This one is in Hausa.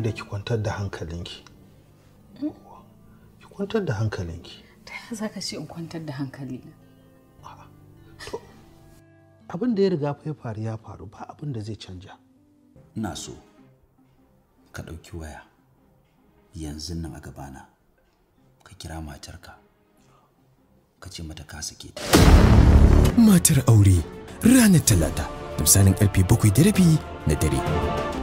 da ki kwantar da hankalinki ki kwantar da hankalinki ta yaya za ka ce in kwantar da na? to abin da ya riga fa ya faru ya faru ba abin da zai canja ina so ka ɗauki waya yanzu nan a gabana ka kira matarka ka ce mata ka sake ta matar aure ranar talata da misalin karfe bakwai da rabi na dare